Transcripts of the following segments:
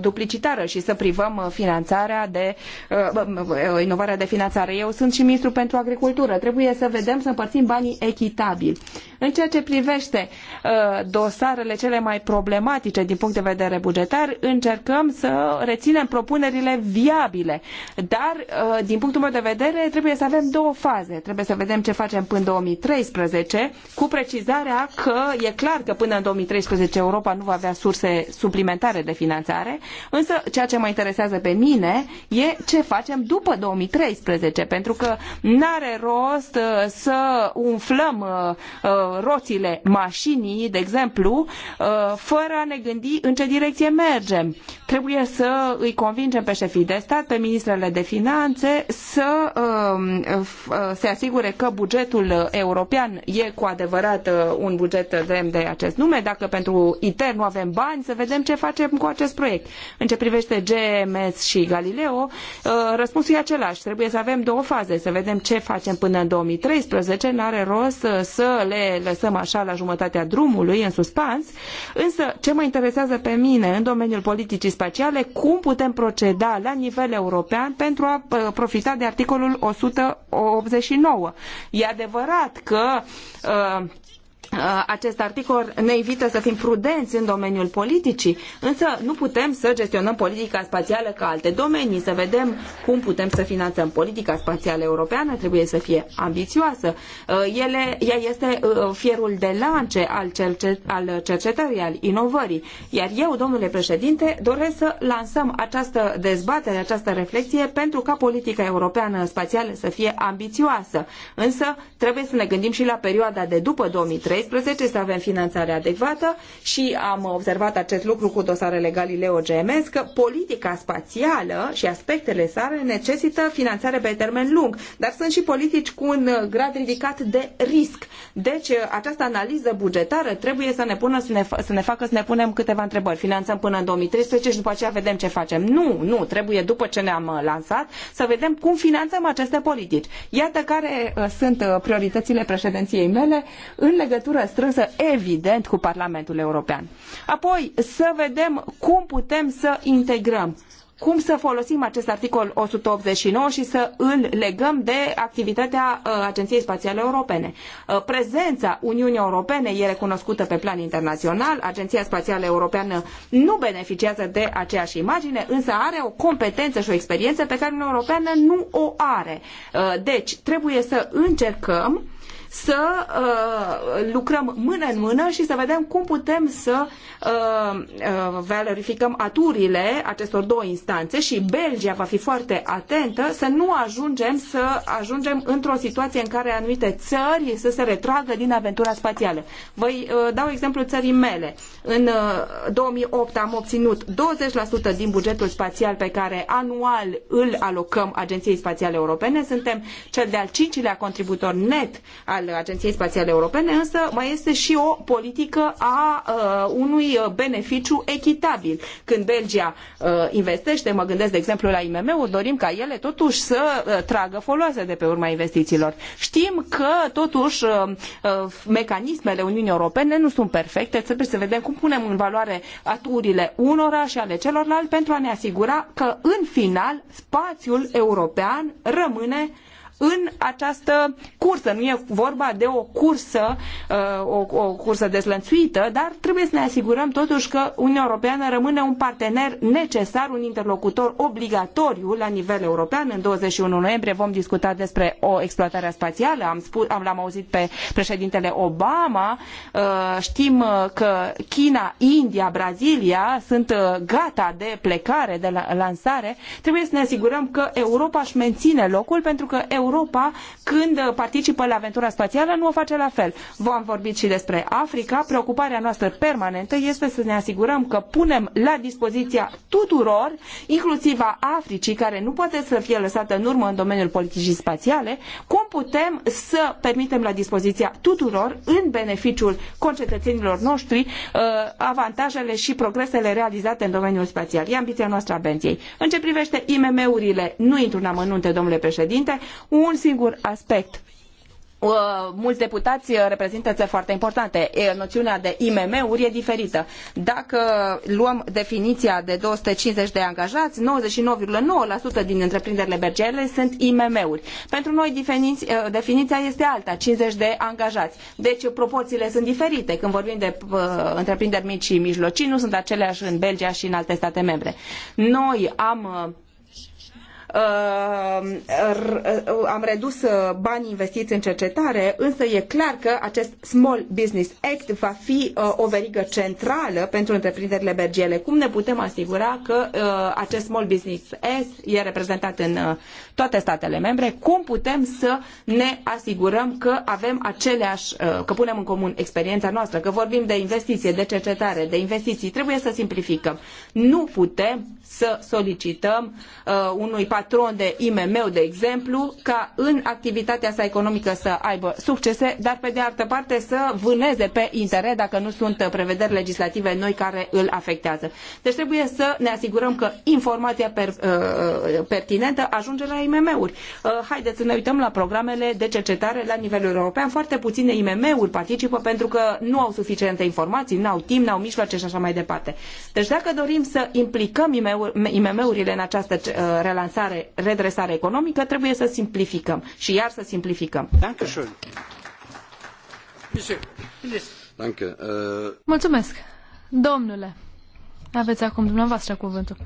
duplicitară și să privăm uh, finanțarea de uh, um, uh, inovarea de finanțare. Eu sunt și ministru pentru agricultură. Trebuie să vedem să împărțim banii echitabil. În ceea ce privește dosarele cele mai problematice din punct de vedere bugetar, încercăm să reținem propunerile viabile. Dar, din punctul meu de vedere, trebuie să avem două faze. Trebuie să vedem ce facem până în 2013, cu precizarea că e clar că până în 2013 Europa nu va avea surse suplimentare de finanțare însă ceea ce mă interesează pe mine e ce facem după 2013, pentru că n-are rost uh, să umflăm uh, uh, roțile mașinii, de exemplu, fără a ne gândi în ce direcție mergem. Trebuie să îi convingem pe șefii de stat, pe ministrele de finanțe, să um, se asigure că bugetul european e cu adevărat un buget demn de acest nume. Dacă pentru ITER nu avem bani, să vedem ce facem cu acest proiect. În ce privește GMS și Galileo, uh, răspunsul e același. Trebuie să avem două faze, să vedem ce facem până în 2013. N-are rost uh, să le lăsăm așa la jumătatea drumului, în suspans. Însă, ce mă interesează pe mine în domeniul politicii spațiale, cum putem proceda la nivel european pentru a uh, profita de articolul 189. E adevărat că uh, Uh, acest articol ne invită să fim prudenți în domeniul politicii, însă nu putem să gestionăm politica spațială ca alte domenii, să vedem cum putem să finanțăm politica spațială europeană, trebuie să fie ambițioasă. Uh, ele, ea este uh, fierul de lance al, cercet, al cercetării, al inovării. Iar eu, domnule președinte, doresc să lansăm această dezbatere, această reflexie pentru ca politica europeană spațială să fie ambițioasă. Însă trebuie să ne gândim și la perioada de după 2003 2013 să avem finanțare adecvată și am observat acest lucru cu dosarele Galileo GMS că politica spațială și aspectele sale necesită finanțare pe termen lung, dar sunt și politici cu un grad ridicat de risc. Deci această analiză bugetară trebuie să ne, pună, să ne, să ne facă să ne punem câteva întrebări. Finanțăm până în 2013 și după aceea vedem ce facem. Nu, nu, trebuie după ce ne-am uh, lansat să vedem cum finanțăm aceste politici. Iată care uh, sunt uh, prioritățile președinției mele în legătură legătură strânsă, evident, cu Parlamentul European. Apoi, să vedem cum putem să integrăm cum să folosim acest articol 189 și să îl legăm de activitatea uh, Agenției Spațiale Europene. Uh, prezența Uniunii Europene e recunoscută pe plan internațional, Agenția Spațială Europeană nu beneficiază de aceeași imagine, însă are o competență și o experiență pe care Uniunea Europeană nu o are. Uh, deci, trebuie să încercăm să uh, lucrăm mână în mână și să vedem cum putem să uh, uh, valorificăm aturile acestor două instanțe și Belgia va fi foarte atentă să nu ajungem să ajungem într-o situație în care anumite țări să se retragă din aventura spațială. Vă uh, dau exemplu țării mele. În 2008 uh, am obținut 20% din bugetul spațial pe care anual îl alocăm Agenției Spațiale Europene. Suntem cel de-al cincilea contributor net al Agenției Spațiale Europene, însă mai este și o politică a uh, unui beneficiu echitabil. Când Belgia uh, investește, mă gândesc de exemplu la IMM-uri, dorim ca ele totuși să uh, tragă foloase de pe urma investițiilor. Știm că totuși mecanismele Uniunii Europene nu sunt perfecte, trebuie să vedem cum punem în valoare aturile unora și ale celorlalți pentru a ne asigura că în final spațiul european rămâne în această cursă. Nu e vorba de o cursă, uh, o, o cursă dezlănțuită, dar trebuie să ne asigurăm totuși că Uniunea Europeană rămâne un partener necesar, un interlocutor obligatoriu la nivel european. În 21 noiembrie vom discuta despre o exploatare spațială. Am spus, am, l-am auzit pe președintele Obama. Uh, știm uh, că China, India, Brazilia sunt gata de plecare, de lansare. Trebuie să ne asigurăm că Europa își menține locul pentru că Europa Europa, când participă la aventura spațială, nu o face la fel. V-am vorbit și despre Africa. Preocuparea noastră permanentă este să ne asigurăm că punem la dispoziția tuturor, inclusiv a Africii, care nu poate să fie lăsată în urmă în domeniul politicii spațiale, cum putem să permitem la dispoziția tuturor, în beneficiul concetățenilor noștri, uh, avantajele și progresele realizate în domeniul spațial. E ambiția noastră a Benției. În ce privește IMM-urile, nu intru în amănunte, domnule președinte, un singur aspect uh, mulți deputați uh, reprezintă țări foarte importante. Noțiunea de IMM-uri e diferită. Dacă luăm definiția de 250 de angajați, 99,9% din întreprinderile bergele sunt IMM-uri. Pentru noi uh, definiția este alta, 50 de angajați. Deci proporțiile sunt diferite. Când vorbim de întreprinderi mici și mijlocii, nu sunt aceleași în Belgia și în alte state membre. Noi am Uh, uh, am redus uh, banii investiți în cercetare, însă e clar că acest Small Business Act va fi o verigă centrală pentru întreprinderile bergiele. Cum ne putem asigura că acest Small Business Act e reprezentat în toate statele membre? Cum putem să ne asigurăm că avem aceleași, că punem în comun experiența noastră, că vorbim de investiție, de cercetare, de investiții, trebuie să simplificăm. Nu putem să solicităm unui patron patron de IMM, de exemplu, ca în activitatea sa economică să aibă succese, dar pe de altă parte să vâneze pe internet dacă nu sunt prevederi legislative noi care îl afectează. Deci trebuie să ne asigurăm că informația per, uh, pertinentă ajunge la IMM-uri. Uh, haideți să ne uităm la programele de cercetare la nivel european. Foarte puține IMM-uri participă pentru că nu au suficiente informații, nu au timp, nu au mijloace și așa mai departe. Deci dacă dorim să implicăm IMM-urile în această uh, relansare redresare, redresare economică, trebuie să simplificăm și iar să simplificăm. Uh, Mulțumesc. Domnule, aveți acum dumneavoastră cuvântul.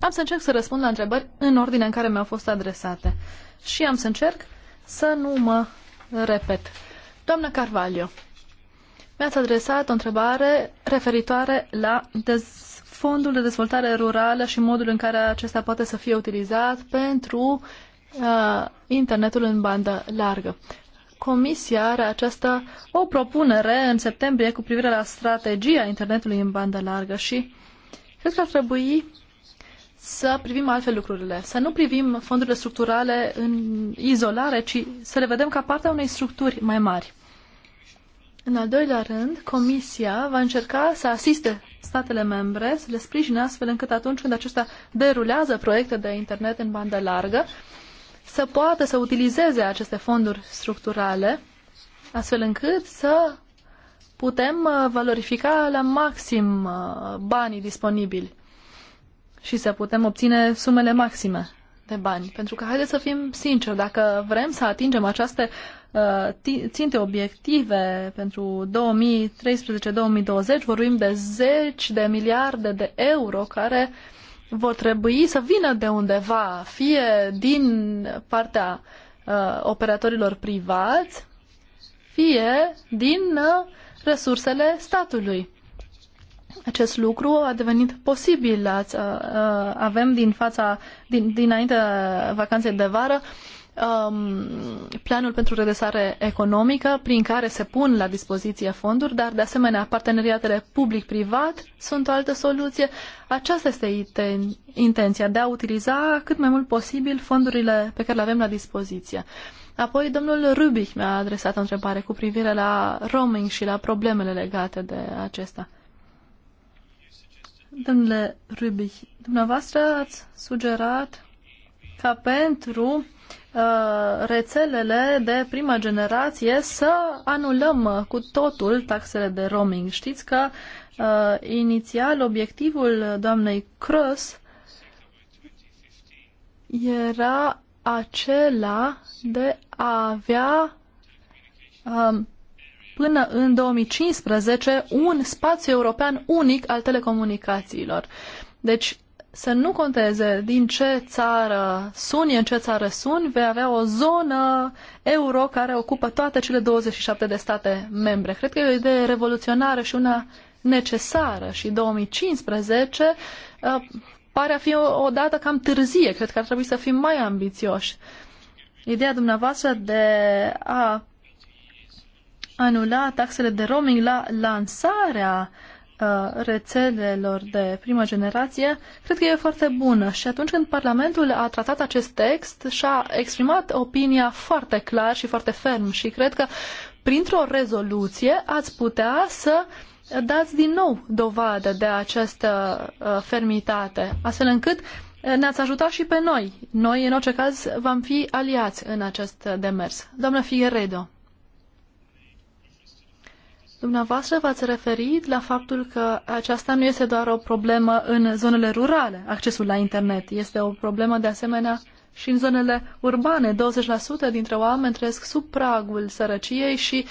Am să încerc să răspund la întrebări în ordinea în care mi-au fost adresate și am să încerc să nu mă repet. Doamna Carvalho, mi-ați adresat o întrebare referitoare la dez fondul de dezvoltare rurală și modul în care acesta poate să fie utilizat pentru uh, internetul în bandă largă. Comisia are această o propunere în septembrie cu privire la strategia internetului în bandă largă și cred că ar trebui să privim altfel lucrurile, să nu privim fondurile structurale în izolare, ci să le vedem ca partea unei structuri mai mari. În al doilea rând, Comisia va încerca să asiste statele membre, să le sprijine astfel încât atunci când acestea derulează proiecte de internet în bandă largă, să poată să utilizeze aceste fonduri structurale, astfel încât să putem uh, valorifica la maxim uh, banii disponibili și să putem obține sumele maxime de bani. Pentru că, haideți să fim sinceri, dacă vrem să atingem aceste Uh, ținte obiective pentru 2013-2020, vorbim de zeci de miliarde de euro care vor trebui să vină de undeva, fie din partea uh, operatorilor privați, fie din uh, resursele statului. Acest lucru a devenit posibil. Ați, uh, uh, avem din fața, din, dinainte vacanței de vară, uh, um, planul pentru redresare economică prin care se pun la dispoziție fonduri, dar de asemenea parteneriatele public-privat sunt o altă soluție. Aceasta este intenția de a utiliza cât mai mult posibil fondurile pe care le avem la dispoziție. Apoi domnul Rubic mi-a adresat o întrebare cu privire la roaming și la problemele legate de acesta. Domnule Rubic, dumneavoastră ați sugerat ca pentru Uh, rețelele de prima generație să anulăm cu totul taxele de roaming. Știți că uh, inițial obiectivul doamnei Cross era acela de a avea um, până în 2015 un spațiu european unic al telecomunicațiilor. Deci să nu conteze din ce țară suni, în ce țară suni, vei avea o zonă euro care ocupă toate cele 27 de state membre. Cred că e o idee revoluționară și una necesară și 2015 uh, pare a fi o, o dată cam târzie. Cred că ar trebui să fim mai ambițioși. Ideea dumneavoastră de a anula taxele de roaming la lansarea uh, rețelelor de primă generație, cred că e foarte bună. Și atunci când Parlamentul a tratat acest text, și-a exprimat opinia foarte clar și foarte ferm și cred că printr-o rezoluție ați putea să dați din nou dovadă de această fermitate, astfel încât ne-ați ajutat și pe noi. Noi, în orice caz, vom fi aliați în acest demers. Doamnă Figueredo. Dumneavoastră v-ați referit la faptul că aceasta nu este doar o problemă în zonele rurale, accesul la internet. Este o problemă de asemenea și în zonele urbane. 20% dintre oameni trăiesc sub pragul sărăciei și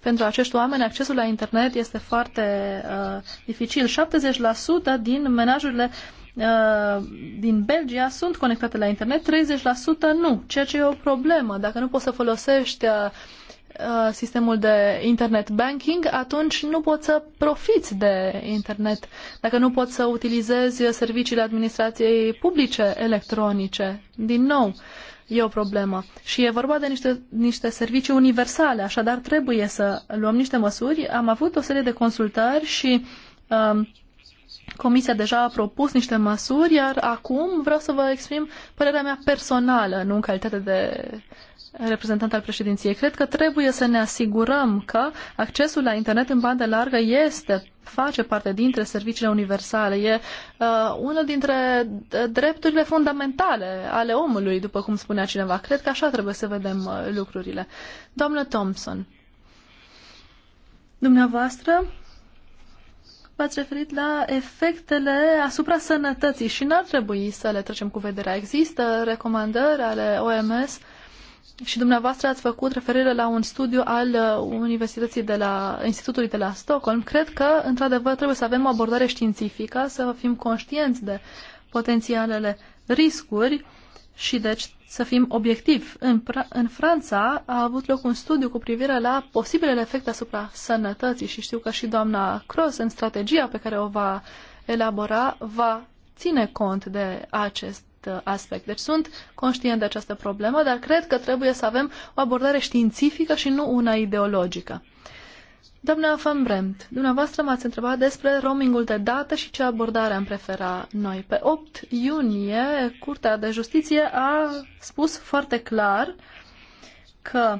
pentru acești oameni accesul la internet este foarte uh, dificil. 70% din menajurile uh, din Belgia sunt conectate la internet, 30% nu, ceea ce e o problemă. Dacă nu poți să folosești uh, Uh, sistemul de internet banking, atunci nu poți să profiți de internet. Dacă nu poți să utilizezi serviciile administrației publice electronice, din nou, e o problemă. Și e vorba de niște, niște servicii universale, așadar trebuie să luăm niște măsuri. Am avut o serie de consultări și uh, Comisia deja a propus niște măsuri, iar acum vreau să vă exprim părerea mea personală, nu în calitate de reprezentant al președinției. Cred că trebuie să ne asigurăm că accesul la internet în bandă largă este, face parte dintre serviciile universale. E uh, unul dintre uh, drepturile fundamentale ale omului, după cum spunea cineva. Cred că așa trebuie să vedem uh, lucrurile. Doamnă Thompson, dumneavoastră v-ați referit la efectele asupra sănătății și n-ar trebui să le trecem cu vederea. Există recomandări ale OMS și dumneavoastră ați făcut referire la un studiu al uh, Universității de la Institutului de la Stockholm. Cred că, într-adevăr, trebuie să avem o abordare științifică, să fim conștienți de potențialele riscuri și deci să fim obiectivi. În, în Franța a avut loc un studiu cu privire la posibilele efecte asupra sănătății și știu că și doamna Cross în strategia pe care o va elabora va ține cont de acest uh, aspect. Deci sunt conștient de această problemă, dar cred că trebuie să avem o abordare științifică și nu una ideologică. Doamna Van Bremt, dumneavoastră m-ați întrebat despre roamingul de dată și ce abordare am prefera noi. Pe 8 iunie, Curtea de Justiție a spus foarte clar că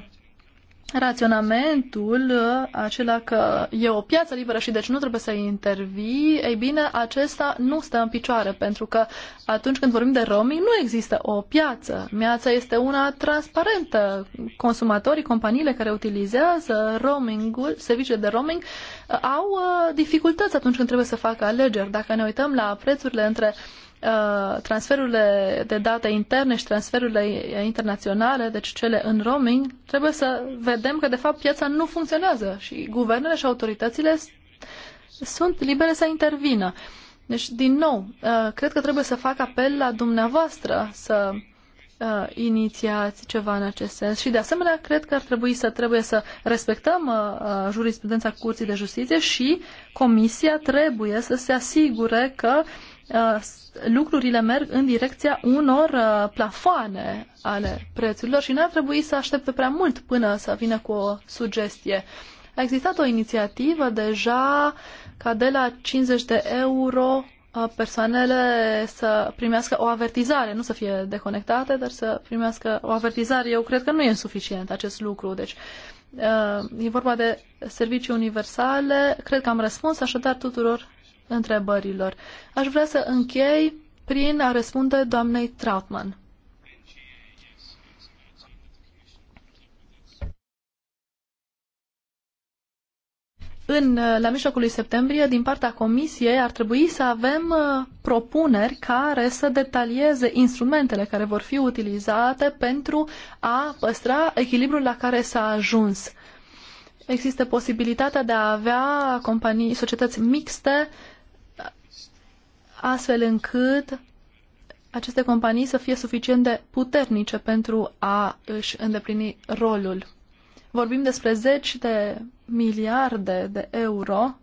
raționamentul uh, acela că e o piață liberă și deci nu trebuie să intervii, ei bine, acesta nu stă în picioare, pentru că atunci când vorbim de roaming nu există o piață. Piața este una transparentă. Consumatorii, companiile care utilizează roamingul, serviciile de roaming, uh, au uh, dificultăți atunci când trebuie să facă alegeri. Dacă ne uităm la prețurile între Uh, transferurile de date interne și transferurile internaționale, deci cele în roaming, trebuie să vedem că, de fapt, piața nu funcționează și guvernele și autoritățile sunt libere să intervină. Deci, din nou, uh, cred că trebuie să fac apel la dumneavoastră să uh, inițiați ceva în acest sens. Și de asemenea, cred că ar trebui să trebuie să respectăm jurisprudența Curții de Justiție și Comisia trebuie să se asigure că Uh, lucrurile merg în direcția unor uh, plafoane ale prețurilor și n-ar trebui să aștepte prea mult până să vină cu o sugestie. A existat o inițiativă deja ca de la 50 de euro uh, persoanele să primească o avertizare, nu să fie deconectate, dar să primească o avertizare. Eu cred că nu e suficient acest lucru. Deci, e vorba de servicii universale. Cred că am răspuns așadar tuturor întrebărilor. Aș vrea să închei prin a răspunde doamnei Trautmann. în, uh, la mijlocul lui septembrie, din partea Comisiei, ar trebui să avem uh, propuneri care să detalieze instrumentele care vor fi utilizate pentru a păstra echilibrul la care s-a ajuns. Există posibilitatea de a avea companii, societăți mixte astfel încât aceste companii să fie suficient de puternice pentru a își îndeplini rolul. Vorbim despre zeci de miliarde de euro.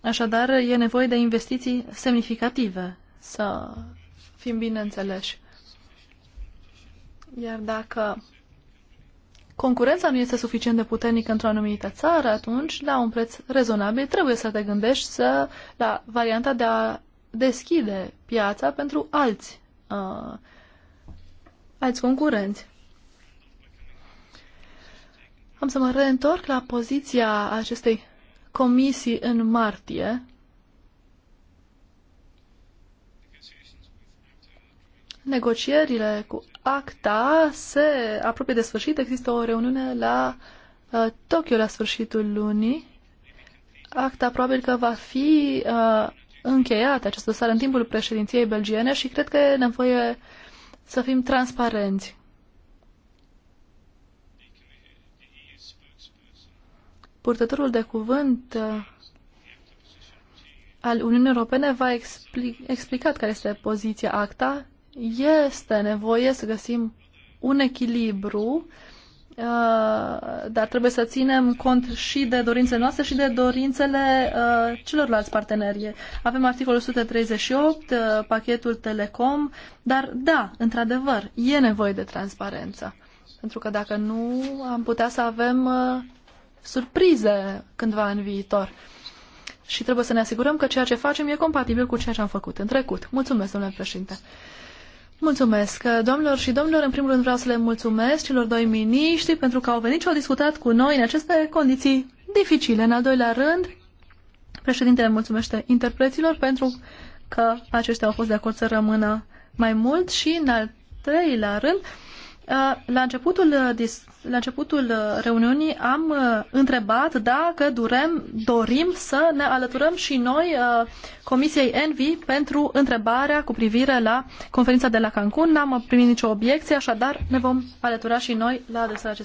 Așadar, e nevoie de investiții semnificative, să fim bine înțeleși. Iar dacă concurența nu este suficient de puternică într-o anumită țară, atunci, la un preț rezonabil, trebuie să te gândești să, la varianta de a deschide piața pentru alți, uh, alți concurenți. Am să mă reîntorc la poziția acestei comisii în martie, negocierile cu ACTA se apropie de sfârșit. Există o reuniune la uh, Tokyo la sfârșitul lunii. ACTA probabil că va fi uh, încheiată această dosar în timpul președinției belgiene și cred că e nevoie să fim transparenți. Purtătorul de cuvânt uh, al Uniunii Europene va explica explicat care este poziția ACTA este nevoie să găsim un echilibru, uh, dar trebuie să ținem cont și de dorințele noastre și de dorințele uh, celorlalți parteneri. Avem articolul 138, uh, pachetul Telecom, dar da, într-adevăr, e nevoie de transparență. Pentru că dacă nu, am putea să avem surprize cândva în viitor. Și trebuie să ne asigurăm că ceea ce facem e compatibil cu ceea ce am făcut în trecut. Mulțumesc, domnule președinte. Mulțumesc, domnilor și domnilor. În primul rând vreau să le mulțumesc celor doi miniștri pentru că au venit și au discutat cu noi în aceste condiții dificile. În al doilea rând, președintele mulțumește interpreților pentru că aceștia au fost de acord să rămână mai mult și în al treilea rând, Uh, la începutul, uh, la începutul uh, reuniunii am întrebat dacă durem, dorim să ne alăturăm și noi Comisiei Envi pentru întrebarea cu privire la conferința de la Cancun. N-am primit nicio obiecție, așadar ne vom alătura și noi la adresarea